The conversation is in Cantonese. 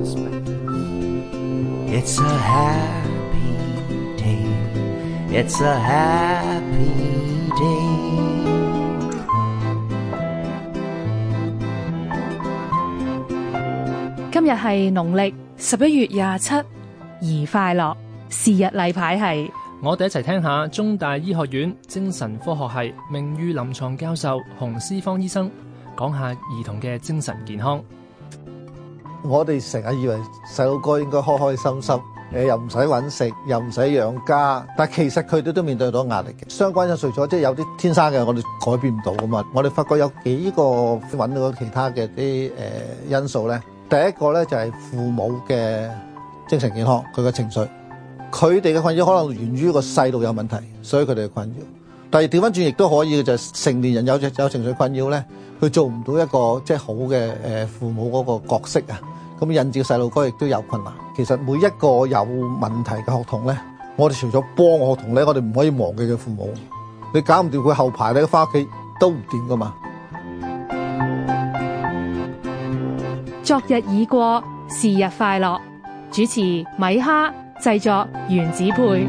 今日係農曆十一月廿七，宜快樂。是日例牌係，我哋一齊聽一下中大醫學院精神科學系名譽臨床教授熊思方醫生講一下兒童嘅精神健康。我哋成日以為細路哥應該開開心心，誒又唔使揾食，又唔使養家，但係其實佢哋都面對到壓力嘅。相關因素咗，即係有啲天生嘅，我哋改變唔到㗎嘛。我哋發覺有幾個揾到其他嘅啲誒因素咧。第一個咧就係父母嘅精神健康，佢嘅情緒，佢哋嘅困擾可能源於個細路有問題，所以佢哋嘅困擾。但係調翻轉亦都可以嘅，就係、成年人有隻有情緒困擾咧，佢做唔到一個即係好嘅父母嗰個角色啊，咁引致細路哥亦都有困難。其實每一個有問題嘅學童咧，我哋除咗幫我學童咧，我哋唔可以忘記佢父母。你搞唔掂佢後排咧，翻屋企都唔掂㗎嘛。昨日已過，是日快樂。主持米哈，製作原子配。